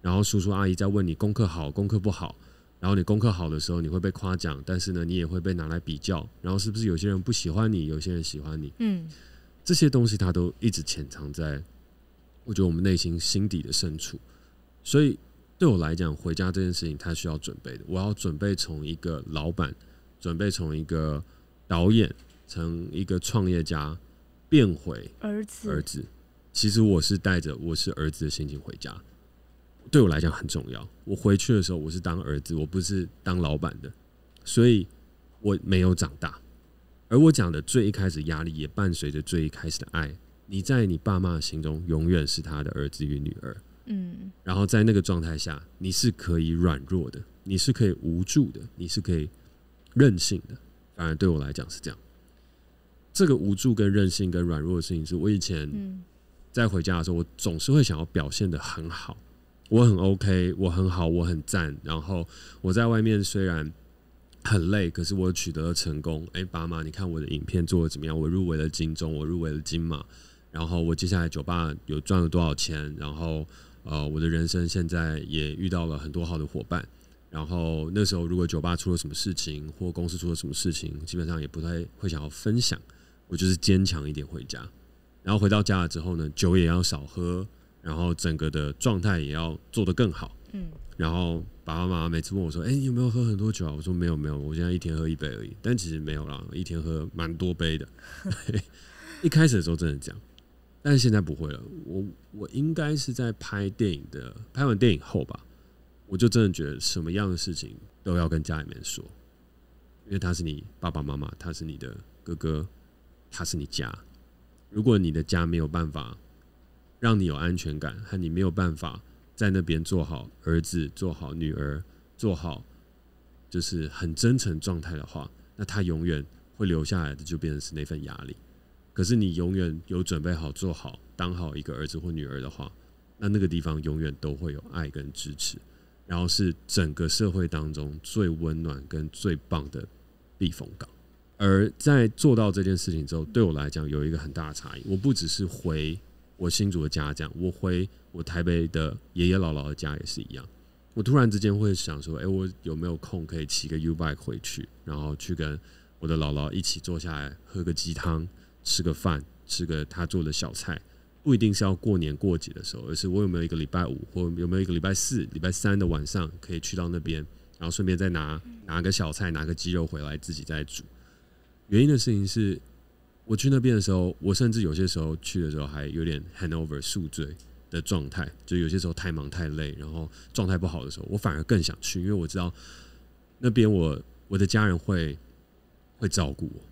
[SPEAKER 1] 然後叔叔阿姨在問你功課好，功課不好。然後你功課好的時候，你會被誇獎，但是呢，你也會被拿來比較。然後是不是有些人不喜歡你，有些人喜歡你？嗯，這些東西它都一直潛藏在，我覺得我們內心心底的深處。所以對我來講，回家這件事情，它需要準備的，我要準備從一個老板，準備從一個。導演從一個創業家變回兒子，兒子。其實我是帶着我是兒子的心情回家，對我來講很重要。我回去的時候，我是當兒子，我不是當老板的，所以我沒有長大。而我講的最一開始壓力，也伴隨着最一開始的愛。你在你爸媽心中，永遠是他的兒子與女兒。
[SPEAKER 3] 嗯。
[SPEAKER 1] 然後在那個狀態下，你是可以軟弱的，你是可以無助的，你是可以任性的。當然，對我來講是這樣，這個無助、跟任性、跟軟弱的事情，是我以前在回家的時候，我總是會想要表現得很好，我很 OK，我很好，我很讚。然後我在外面雖然很累，可是我取得了成功。誒、欸，爸媽，你看我的影片做得怎麼樣？我入圍了金鐘，我入圍了金馬。然後我接下來酒吧有賺了多少錢？然後呃，我的人生現在也遇到了很多好的夥伴。然後那時候，如果酒吧出了什麼事情，或公司出了什麼事情，基本上也不太會想要分享。我就是堅強一點回家。然後回到家了之後呢，酒也要少喝，然後整個的狀態也要做得更好。嗯。然後爸爸媽媽每次問我說：“哎、欸，有沒有喝很多酒啊？”我說：“沒有，沒有，我現在一天喝一杯而已。”但其實沒有啦，一天喝蠻多杯的。 一開始的時候真的這樣，但是現在不會了。我我應該是在拍電影的，拍完電影後吧。我就真的覺得，什麼樣的事情都要跟家裡面說，因為他是你爸爸媽媽，他是你的哥哥，他是你家。如果你的家沒有辦法讓你有安全感，和你沒有辦法在那邊做好兒子、做好女兒、做好就是很真誠狀態的話，那他永遠會留下來的就變成是那份壓力。可是你永遠有準備好做好、當好一個兒子或女兒的話，那那個地方永遠都會有愛跟支持。然後是整個社會當中最溫暖跟最棒的避風港。而在做到這件事情之後，對我來講有一個很大的差異。我不只是回我新竹的家這樣，我回我台北的爺爺姥姥的家也是一樣。我突然之間會想說，哎，我有沒有空可以騎個 U bike 回去，然後去跟我的姥姥一起坐下來喝個雞湯，吃個飯，吃個她做的小菜。不一定是要過年過節的時候，而是我有沒有一個禮拜五或有沒有一個禮拜四、禮拜三的晚上可以去到那邊，然後順便再拿拿個小菜、拿個雞肉回來自己再煮。原因的事情是，我去那邊的時候，我甚至有些時候去的時候還有點 hangover 宿醉的狀態，就有些時候太忙太累，然後狀態不好的時候，我反而更想去，因為我知道那邊我我的家人會會照顧我，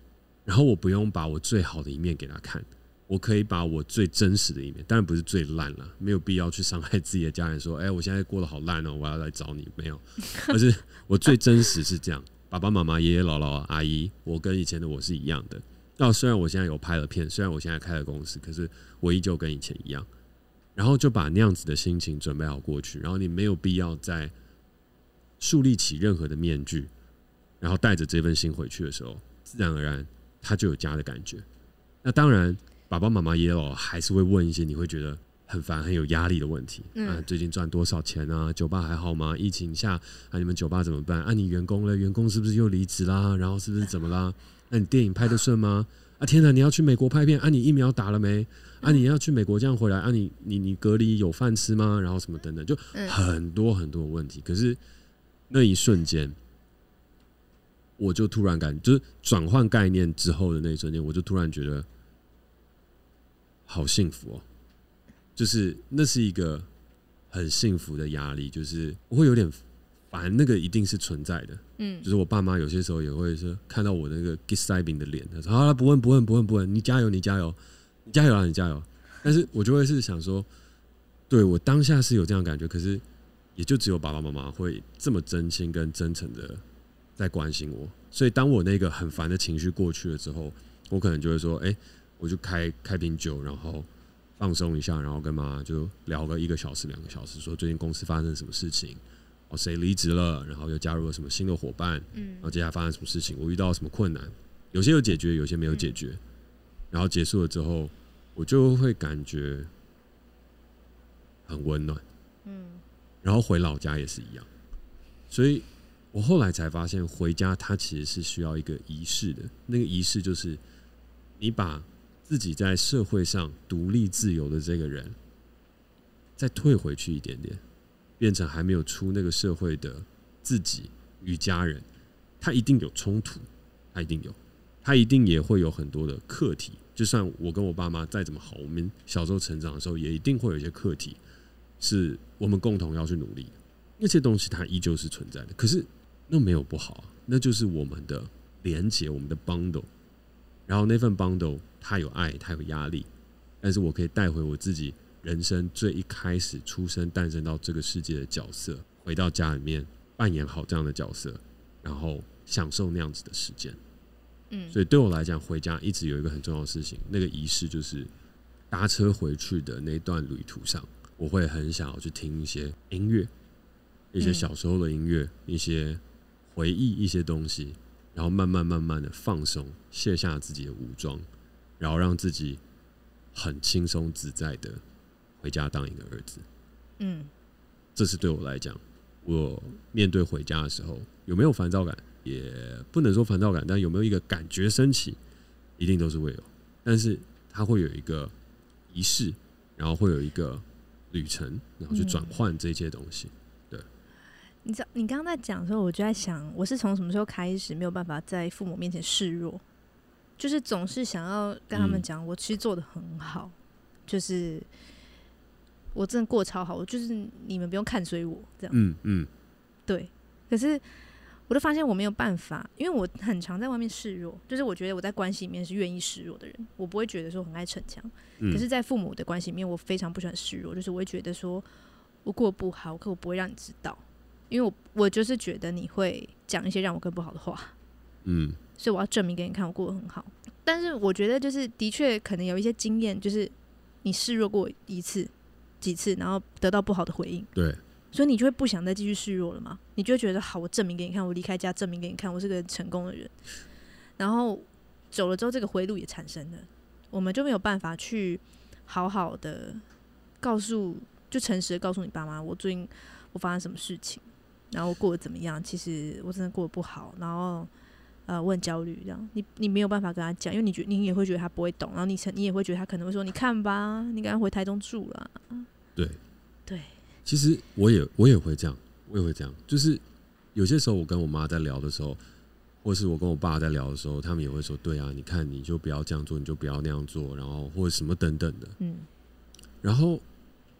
[SPEAKER 1] 然後我不用把我最好的一面給他看。我可以把我最真實的一面，當然不是最爛了，沒有必要去傷害自己的家人。說：“哎、欸，我現在過得好爛哦、喔，我要來找你。”沒有，可是我最真實是這樣。 爸爸媽媽、爺爺、姥姥、阿姨，我跟以前的我是一樣的。那、啊、雖然我現在有拍了片，雖然我現在開了公司，可是我依舊跟以前一樣。然後就把那樣子的心情準備好過去，然後你沒有必要再樹立起任何的面具，然後帶着這份心回去的時候，自然而然他就有家的感覺。那當然。爸爸媽媽也有還是會問一些你會覺得很煩很有壓力的問題。嗯、啊、最近賺多少錢啊？酒吧還好嗎？疫情下啊，你們酒吧怎麼辦？啊，你員工了，員工是不是又離職啦？然後是不是怎麼啦？那、 啊、你電影拍得順嗎？ 啊，天哪，你要去美國拍片？啊，你疫苗打了沒？ 啊，你要去美國這樣回來？啊，你你你隔離有飯吃嗎？然後什麼等等，就很多很多的問題。可是那一瞬間，我就突然感覺就是轉換概念，之後的那一瞬間，我就突然覺得。好幸福哦，就是那是一個很幸福的壓力，就是我會有點煩，那個一定是存在的。嗯，就是我爸媽有些時候也會說，看到我那個給塞餅的臉，他說：“好了，不問不問不問不問，你加油你加油你加油啊你加油。”但是我就會是想說，對我當下是有這樣感覺，可是也就只有爸爸媽媽會這麼真心跟真誠的在關心我，所以當我那個很煩的情緒過去了之後，我可能就會說：“哎、欸。”我就開開瓶酒，然後放鬆一下，然後跟媽媽就聊個一個小時、兩個小時，說最近公司發生什麼事情，哦，誰離職了，然後又加入了什麼新的夥伴，嗯，然後接下來發生什麼事情，我遇到什麼困難，有些有解決，有些沒有解決，嗯、然後結束了之後，我就會感覺很溫暖，嗯，然後回老家也是一樣，所以我後來才發現，回家它其實是需要一個儀式的，那個儀式就是你把。自己在社會上獨立自由的這個人，再退回去一點點，變成還沒有出那個社會的自己與家人，他一定有衝突，他一定有，他一定也會有很多的課題。就算我跟我爸媽再怎麼好，我們小時候成長的時候，也一定會有一些課題，是我們共同要去努力。那些東西它依舊是存在的，可是那沒有不好啊，那就是我們的連接，我們的 bundle，然後那份 bundle。他有愛，他有壓力，但是我可以帶回我自己人生最一開始出生誕生到這個世界的角色，回到家裡面扮演好這樣的角色，然後享受那樣子的時間。嗯，所以對我來講，回家一直有一個很重要的事情，那個儀式就是搭車回去的那一段旅途上，我會很想要去聽一些音樂、嗯，一些小時候的音樂，一些回憶，一些東西，然後慢慢慢慢的放鬆，卸下自己的武裝。然後讓自己很輕鬆自在地回家當一個兒子，嗯，這是對我來講，我面對回家的時候有沒有煩躁感，也不能說煩躁感，但有沒有一個感覺升起，一定都是會有，但是它會有一個儀式，然後會有一個旅程，然後去轉換這些東西。嗯，對，
[SPEAKER 2] 你知道你剛剛在講的時候，我就在想，我是從什麼時候開始沒有辦法在父母面前示弱？就是總是想要跟他們講，我其實做得很好，嗯，就是我真的過超好。我就是你們不用看以我衰這樣。嗯
[SPEAKER 3] 嗯。
[SPEAKER 2] 對。可是，我都發現我沒有辦法，因為我很常在外面示弱。就是我覺得我在關係裡面是願意示弱的人，我不會覺得說很愛逞強，嗯。可是，在父母的關係裡面，我非常不喜歡示弱。就是我會覺得說我過不好，可我不會讓你知道，因為我我就是覺得你會講一些讓我更不好的話。嗯。所以我要證明給你看，我過得很好。但是我覺得，就是的確可能有一些經驗，就是你示弱過一次、幾次，然後得到不好的回應。
[SPEAKER 3] 對，
[SPEAKER 2] 所以你就會不想再繼續示弱了嘛？你就會覺得，好，我證明給你看，我離開家，證明給你看，我是個成功的人。然後走了之後，這個回路也產生了，我們就沒有辦法去好好的告訴，就誠實的告訴你爸媽，我最近我發生什麼事情，然後過得怎麼樣？其實我真的過得不好，然後。呃，我很焦慮，這樣你你沒有辦法跟他講，因為你覺你也會覺得他不會懂，然後你你也會覺得他可能會說，你看吧，你趕快回台中住了啊。對對，
[SPEAKER 1] 其實我也我也會這樣，我也會這樣，就是有些時候我跟我媽在聊的時候，或是我跟我爸在聊的時候，他們也會說，對啊，你看你就不要這樣做，你就不要那樣做，然後或者什麼等等的，嗯。然後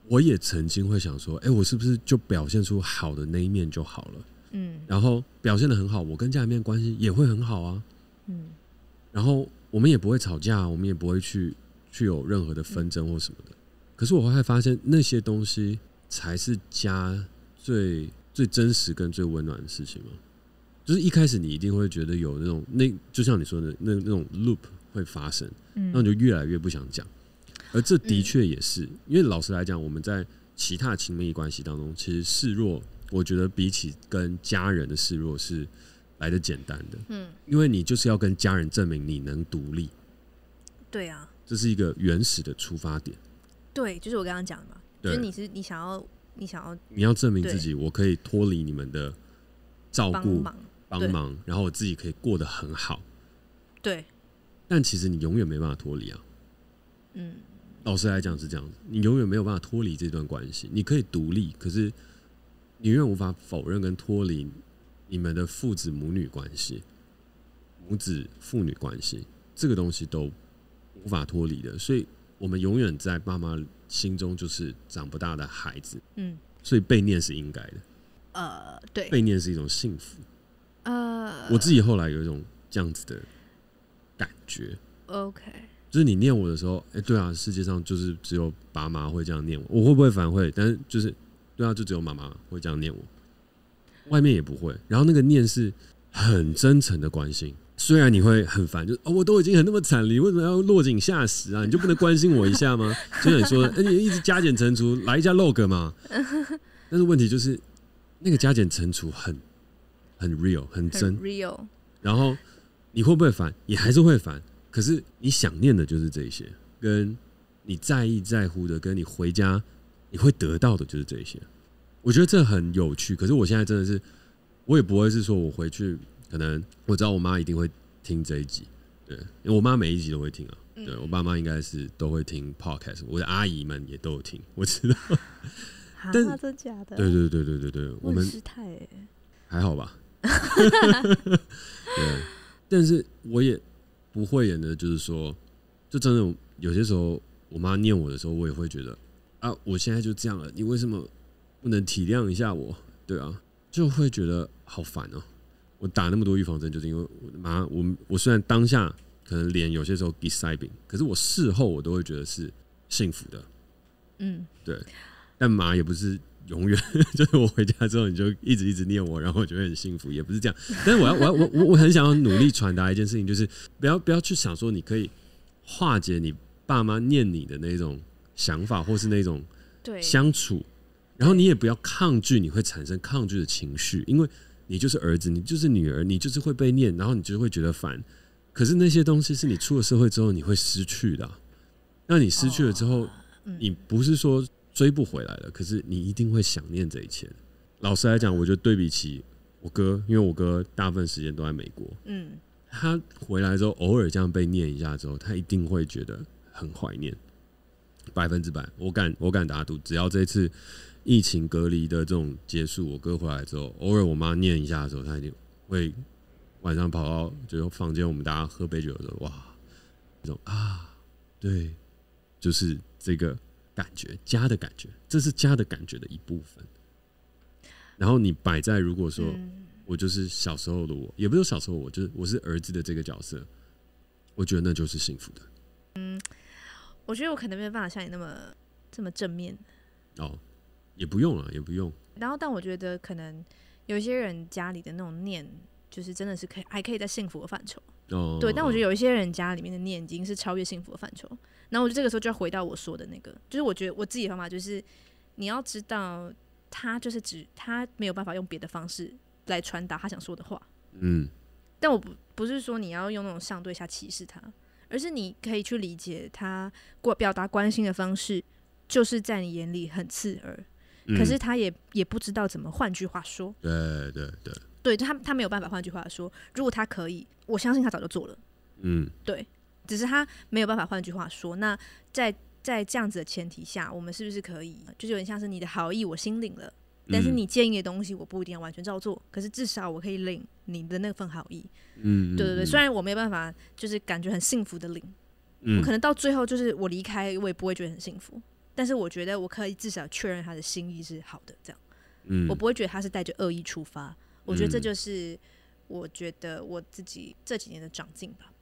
[SPEAKER 1] 我也曾經會想說，哎，我是不是就表現出好的那一面就好了？嗯，然後表現得很好，我跟家裡面關係也會很好啊。嗯，然後我們也不會吵架，我們也不會去去有任何的紛爭或什麼的。嗯、可是我會發現，那些東西才是家最最真實跟最溫暖的事情嘛。就是一開始你一定會覺得有那種那就像你說的那那種 loop 會發生，那、嗯、你就越來越不想講。而這的確也是，嗯、因為老實來講，我們在其他親密關係當中，其實示弱。我覺得比起跟家人的示弱是來的簡單的，嗯，因為你就是要跟家人證明你能獨立。
[SPEAKER 2] 對啊，
[SPEAKER 1] 這是一個原始的出發點，
[SPEAKER 2] 對，就是我剛剛講的嘛，對，就是你是你想要你想要你要證明自己，
[SPEAKER 1] 我可以脫離你們的照顧幫
[SPEAKER 2] 忙，幫忙，
[SPEAKER 1] 然後我自己可以過得很好，對，但其實你永遠沒辦法脫離啊，嗯，老實來講是這樣子，你永遠沒有辦法脫離這段關係，你可以獨立，可是。你永遠無法否認跟脫離你們的父子母女關係、母子父女關係，這個東西都無法脫離的，所以我們永遠在爸媽心中就是長不大的孩子。嗯，所以被念是應該的。
[SPEAKER 3] 呃，對，
[SPEAKER 1] 被念是一種幸福。
[SPEAKER 3] 呃，我自己
[SPEAKER 1] 後來有一種這樣子的感覺。
[SPEAKER 3] OK，就
[SPEAKER 1] 是你念我的時候，哎、欸，對啊，世界上就是只有爸媽會這樣念我，我會不會反悔？但是就是。對啊，就只有媽媽會這樣念我，外面也不會。然後那個念是很真誠的關心，雖然你會很煩，就哦，我都已經很那麼慘了，你為什麼要落井下石啊？你就不能關心我一下嗎？ 就像你說的，哎，你一直加減乘除來一下 log 嘛。但是問題就是，那個加減乘除很很 real，很真很 real。然後你會不會煩？你還是會煩。可是你想念的就是這些，跟你在意在乎的，跟你回家。你會得到的就是這些，我覺得這很有趣。可是我現在真的是，我也不會是說我回去，可能我知道我媽一定會聽這一集，對，因為我媽每一集都會聽啊。對，我爸媽應該是都會聽 podcast，我的阿姨們也都有聽，我知道。
[SPEAKER 3] 但，真假的？對對對對對對，我們
[SPEAKER 1] 還好吧。 對，但是我也不會演的，就是說，就真的有些時候，我媽念我的時候，我也會覺得。啊，我現在就這樣了，你為什麼不能體諒一下我？對啊，就會覺得好煩哦、喔。我打那麼多預防針，就是因為我媽，我我雖然當下可能臉有些時候憋塞餅，可是我事後我都會覺得是幸福的。嗯，對，但媽也不是永遠 就是我回家之後你就一直一直念我，然後我覺得很幸福，也不是這樣。但是我要我要我我很想要努力傳達一件事情，就是不要不要去想說你可以化解你爸媽念你的那種。想法或是那種相處，然後你也不要抗拒，你會產生抗拒的情緒，因為你就是兒子，你就是女兒，你就是會被念，然後你就會覺得煩。可是那些東西是你出了社會之後你會失去的，啊，那你失去了之後，你不是說追不回來了，可是你一定會想念這一切。老實來講，我覺得對比起我哥，因為我哥大部分時間都在美國，嗯，他回來之後偶爾這樣被念一下之後，他一定會覺得很懷念。百分之百，我敢，我敢打賭。只要這一次疫情隔離的這種結束，我哥回來之後，偶爾我媽念一下的時候，她一定會晚上跑到就是房間，我們大家喝杯酒的時候，哇，這種啊，對，就是這個感覺，家的感覺，這是家的感覺的一部分。然後你擺在如果說我就是小時候的我，嗯、也不是小時候我，就是我是兒子的這個角色，我覺得那就是幸福的。嗯。
[SPEAKER 2] 我覺得我可能沒有辦法像你那麼這麼正面。哦，
[SPEAKER 1] 也不用了，也不用。
[SPEAKER 2] 然後，但我覺得可能有一些人家裡的那種念，就是真的是可以還可以在幸福的範疇。哦。對，但我覺得有一些人家裡面的念已經是超越幸福的範疇。哦。然後，我覺得這個時候就要回到我說的那個，就是我覺得我自己的方法就是，你要知道他就是指他沒有辦法用別的方式來傳達他想說的話。
[SPEAKER 3] 嗯。
[SPEAKER 2] 但我不不是說你要用那種上對下歧視他。而是你可以去理解他過表達關心的方式，就是在你眼裡很刺耳，嗯，可是他也也不知道怎麼換句話說。
[SPEAKER 3] 對對對。
[SPEAKER 2] 對，就他他沒有辦法換句話說，如果他可以，我相信他早就做了。嗯，對，只是他沒有辦法換句話說。那在在這樣子的前提下，我們是不是可以就有點像是你的好意，我心領了。但是你建議的東西，我不一定要完全照做，可是至少我可以領你的那份好意。嗯，
[SPEAKER 3] 嗯對對對，雖
[SPEAKER 2] 然我沒有辦法，就是感覺很幸福的領，嗯，我可能到最後就是我離開，我也不會覺得很幸福。但是我覺得我可以至少確認他的心意是好的，這樣。嗯，我不會覺得他是帶着惡意出發。我覺得這就是我覺得我自己這幾年的長進吧。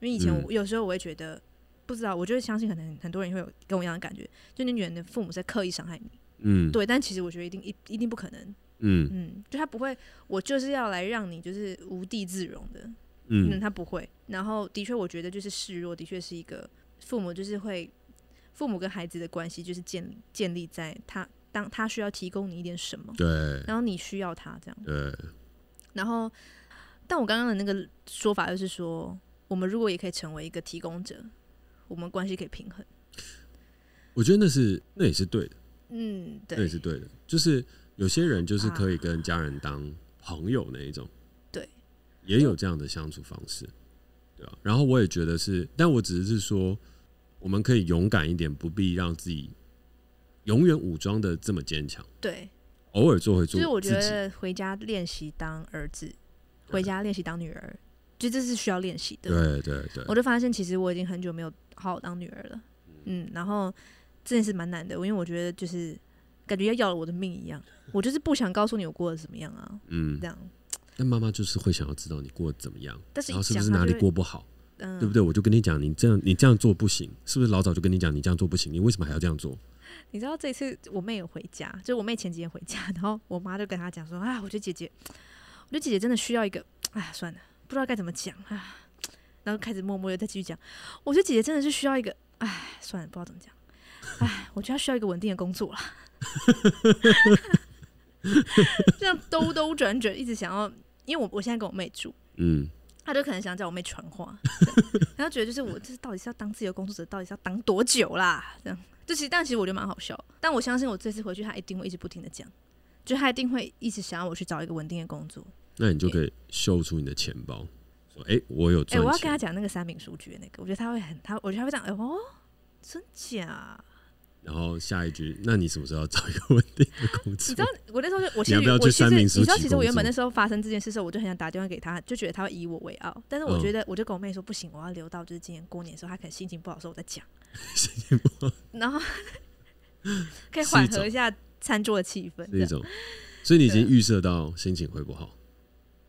[SPEAKER 2] 因為以前我有時候我會覺得，不知道，我就相信可能很多人會有跟我一樣的感覺，就那女人的父母在刻意傷害你。嗯，對，但其實我覺得一定一一定不可能。嗯嗯，就他不會，我就是要來讓你就是無地自容的。嗯，嗯他不會。然後的確，我覺得就是示弱，的確是一個父母就是會父母跟孩子的關係就是建建立在他當他需要提供你一點什麼，對，然後你需要他這樣。
[SPEAKER 3] 對。
[SPEAKER 2] 然後，但我剛剛的那個說法就是說，我們如果也可以成為一個提供者，我們關係可以平衡。
[SPEAKER 1] 我覺得那是那也是對的。嗯，對，是對的。就是有些人就是可以跟家人當朋友那一種、啊，對，也有這樣的相處方式，對吧？然後我也覺得是，但我只是說，我們可以勇敢一點，不必讓自己永遠武裝的這麼堅強。對，偶爾做會做。所以我覺得
[SPEAKER 2] 回家練習當兒子，回家練習當女兒，就這是需要練習的。對對對，我就發現其實我已經很久沒有好好當女兒了。嗯，嗯然後。真的是蠻難的，因為我覺得就是感覺要要了我的命一樣。我就是不想告訴你我過得怎麼樣啊，嗯，這樣。
[SPEAKER 1] 但媽媽就是會想要知道你過得怎麼樣，但是你然後是不是哪裡過不好？嗯，對不對？我就跟你講，你這樣你這樣做不行，是不是老早就跟你講你這樣做不行？你為什麼還要這樣做？
[SPEAKER 2] 你知道這一次我妹有回家，就我妹前幾天回家，然後我媽就跟她講說啊，我覺得姐姐，我覺得姐姐真的需要一個，哎，算了，不知道該怎麼講啊。然後開始默默的再繼續講，我覺得姐姐真的是需要一個，哎，算了，不知道怎麼講。哎，我覺得需要一個穩定的工作啦。 這樣兜兜轉轉，一直想要，因為我我現在跟我妹住，嗯，他就可能想要叫我妹傳話，他就覺得就是我這到底是要當自由工作者，到底是要當多久啦？這樣，就其實但其實我覺得蠻好笑，但我相信我這次回去，他一定會一直不停的講，就他一定會一直想要我去找一個穩定的工作。
[SPEAKER 1] 那你就可以、欸、秀出你的錢包，說，哎、欸，我有錢，哎、欸，我要
[SPEAKER 2] 跟他講那個三民書局的那個，我覺得他會很，他我覺得他會這樣，哎、欸、哦，真假？
[SPEAKER 1] 然後下一句，那你什麼時候要找一個穩定的工作？你知道，我那時候是，我其實要不要去三，我其實，你知道，其實我原本那
[SPEAKER 2] 時候發生這件事的時候，我就很想打電話給他，就覺得他會以我為傲。但是我覺得，嗯、我就跟我妹說，不行，我要留到就是今年過年的時候，他可能心情不好的時候我講，我再講。心情不好。然後 可以緩和一下餐桌的氣氛。那種、種。
[SPEAKER 1] 所以你已經預設到心情會不好？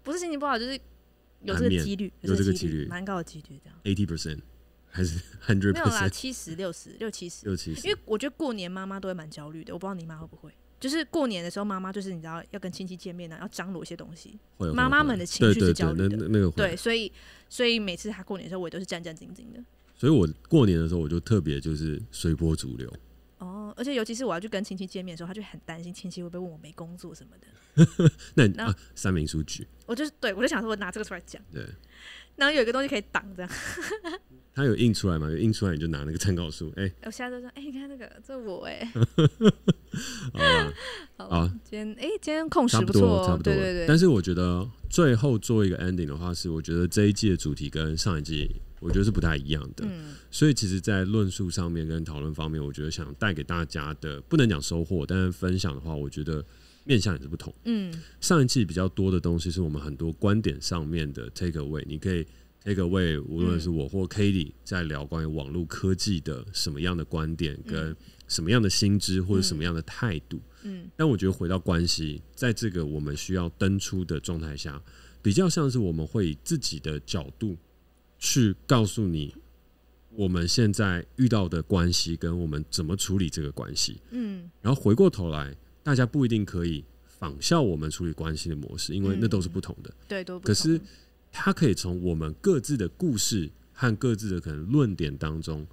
[SPEAKER 2] 不是心情不好，就是有這個幾率、率，有這個幾率，蠻高的幾率，這
[SPEAKER 1] 樣。Eighty percent。還是 hundred percent 沒有啦，七
[SPEAKER 2] 十六十六七十，六七十，因為我覺得過年媽媽都會蠻焦慮的，我不知道你媽會不會。就是過年的時候，媽媽就是你知道要跟親戚見面呢、啊，要張羅一些東西。會媽媽們的情緒是焦慮的對
[SPEAKER 1] 對對，那，那個會對，
[SPEAKER 2] 所以所以每次他過年的時候，我都是戰戰兢兢的。
[SPEAKER 1] 所以我過年的時候，我就特別就是隨波逐流。
[SPEAKER 2] 哦，而且尤其是我要去跟親戚見面的時候，他就很擔心親戚會不會問我沒工作什麼的。
[SPEAKER 1] 那那、啊、三名數據，
[SPEAKER 2] 我就是對，我就想說，我拿這個出來講。對。然後有一個東西可以擋着、
[SPEAKER 1] 嗯，它有印出來嘛？有印出來，你就拿那個參考書。哎、欸，
[SPEAKER 2] 我現在說，哎、欸，你看那個，這我哎、欸 好啦。 啊，今天哎、欸，今天控時不錯、喔，差不多差不多對，對對。但是
[SPEAKER 1] 我覺得最後做一個 ending 的話，是我覺得這一季的主題跟上一季，我覺得是不太一樣的。嗯、所以其實，在論述上面跟討論方面，我覺得想帶給大家的，不能講收穫，但是分享的話，我覺得。面向也是不同。嗯，上一季比較多的東西是我們很多觀點上面的 take away，你可以 take away 無論是我或 Cady 在聊關於網絡科技的什麼樣的觀點跟什麼樣的心智或者什麼樣的態度。嗯，但我覺得回到關係，在這個我們需要登出的狀態下，比較像是我們會以自己的角度去告訴你我們現在遇到的關係跟我們怎麼處理這個關係。嗯，然後回過頭來。大家不一定可以仿效我們處理關係的模式，因為那都是不同的。嗯、對，都不同。可是他可以從我們各自的故事和各自的可能論點當中，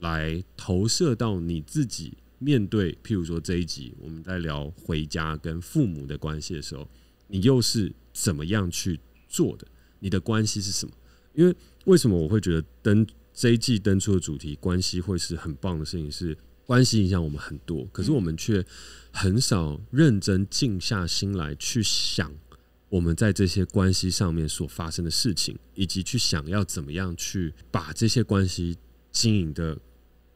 [SPEAKER 1] 來投射到你自己面對。譬如說這一集我們在聊回家跟父母的關係的時候，你又是怎麼樣去做的？你的關係是什麼？因為為什麼我會覺得登這一季登出的主題關係會是很棒的事情是？是關係影響我們很多，可是我們卻很少認真靜下心來去想我們在這些關係上面所發生的事情，以及去想要怎麼樣去把這些關係經營得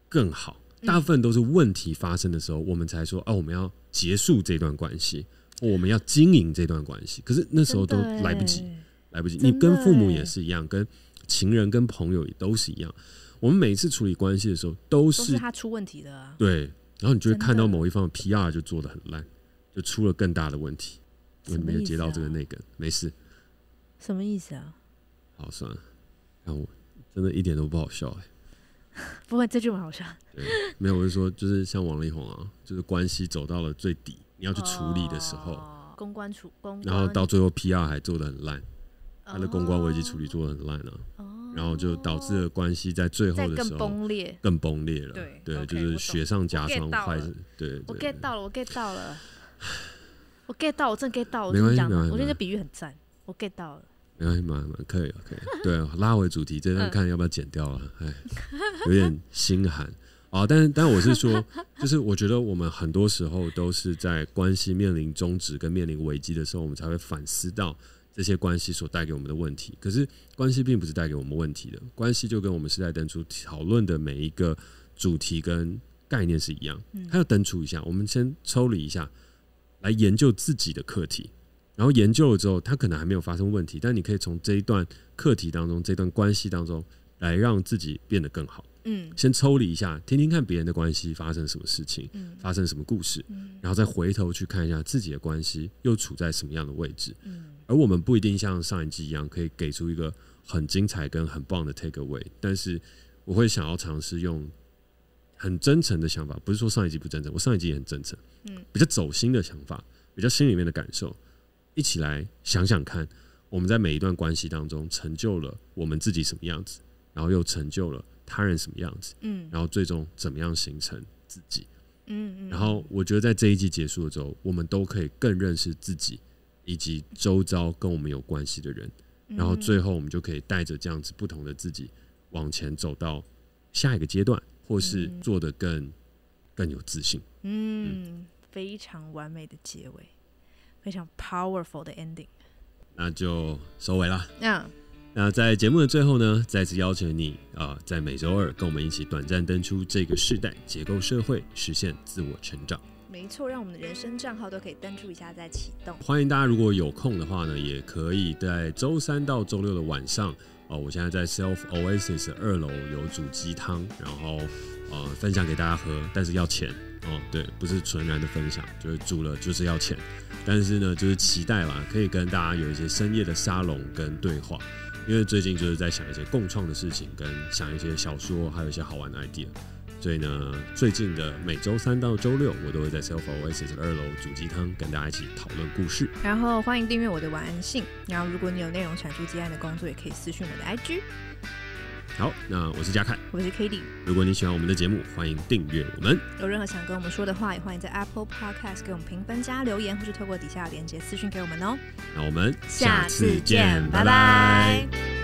[SPEAKER 1] 更好。大部分都是問題發生的時候，我們才說啊，我們要結束這段關係，我們要經營這段關係。可是那時候都來不及，來不及。你跟父母也是一樣，跟情人、跟朋友也都是一樣。我們每次處理關係的時候，都是都是他
[SPEAKER 2] 出問題的。
[SPEAKER 1] 對，然後你就會看到某一方的 PR 就做得很爛，就出了更大的問題。什麼沒有接到這個那個，沒事。
[SPEAKER 2] 什麼意思啊？
[SPEAKER 1] 好算了，讓我真的一點都不好笑哎。
[SPEAKER 2] 不會，這句話好笑。
[SPEAKER 1] 對，沒有我是說，就是像王力宏啊，就是關係走到了最底，你要去處理的時候，
[SPEAKER 2] 公關處公，然後到最
[SPEAKER 1] 後 PR 還做得很爛，他的公關危機處理做得很爛啊。然後就導致了關係在最後的時候更崩裂，更崩裂，對對 OK, 了。對，就是雪上加霜，快對。我
[SPEAKER 2] get 到了，我 get 到了，我 get 到，我真 get 到了。沒關係，沒關係，我覺得這比喻很讚，我 get 到
[SPEAKER 1] 了。沒關係，蠻蠻可以，可以。Okay, 對，拉回主題，這段看要不要剪掉了。哎、
[SPEAKER 2] 嗯，有點
[SPEAKER 1] 心寒啊、 哦。但但我是說，就是我覺得我們很多時候都是在關係面臨終止跟面臨危機的時候，我們才會反思到。這些關係所帶給我們的問題，可是關係並不是帶給我們問題的。關係就跟我們世代登出討論的每一個主題跟概念是一樣，嗯、還有登出一下。我們先抽離一下，來研究自己的課題。然後研究了之後，他可能還沒有發生問題，但你可以從這一段課題當中、這段關係當中，來讓自己變得更好。嗯，先抽離一下，聽聽看別人的關係發生什麼事情、嗯，發生什麼故事，然後再回頭去看一下自己的關係又處在什麼樣的位置。嗯而我們不一定像上一季一樣可以給出一個很精彩跟很棒的 take away，但是我會想要嘗試用很真誠的想法，不是說上一季不真誠，我上一季也很真誠，嗯，比較走心的想法，比較心裡面的感受，一起來想想看，我們在每一段關係當中成就了我們自己什麼樣子，然後又成就了他人什麼樣子，嗯，然後最終怎麼樣形成自己，
[SPEAKER 3] 嗯嗯，然後
[SPEAKER 1] 我覺得在這一季結束的時候，我們都可以更認識自己。以及周遭跟我們有關係的人、嗯，然後最後我們就可以帶着這樣子不同的自己往前走到下一個階段，嗯、或是做得更更有自信嗯。
[SPEAKER 2] 嗯，非常完美的結尾，非常 powerful 的 ending。
[SPEAKER 1] 那就收尾了。嗯、yeah.，那在節目的最後呢，再次邀請你啊、呃，在每周二跟我們一起短暫登出這個世代，結構社會，實現自我成長。
[SPEAKER 2] 沒錯，讓我們的人生賬號都可以登出一下再啟動。
[SPEAKER 1] 歡迎大家，如果有空的話呢，也可以在周三到周六的晚上，哦、呃，我現在在 Self Oasis 二樓有煮雞湯，然後呃分享給大家喝，但是要錢哦、呃。對，不是純然的分享，就是煮了就是要錢。但是呢，就是期待啦，可以跟大家有一些深夜的沙龍跟對話，因為最近就是在想一些共創的事情，跟想一些小說，還有一些好玩的 idea。所以呢，最近的每週三到週六，我都會在 Self Oasis 的二樓煮雞湯，跟大家一起討論故事。
[SPEAKER 2] 然後歡迎訂閱我的晚安信。然後如果你有內容想出接案的工作，也可以私訊我的 IG。
[SPEAKER 1] 好，那我是 Jack，我是 Cady。如果你喜歡我們的節目，歡迎訂閱我們。
[SPEAKER 2] 有任何想跟我們說的話，也歡迎在 Apple Podcast 給我們評分加留言，或是透過底下連結私訊給我們哦、喔。
[SPEAKER 1] 那我們下次見，拜拜。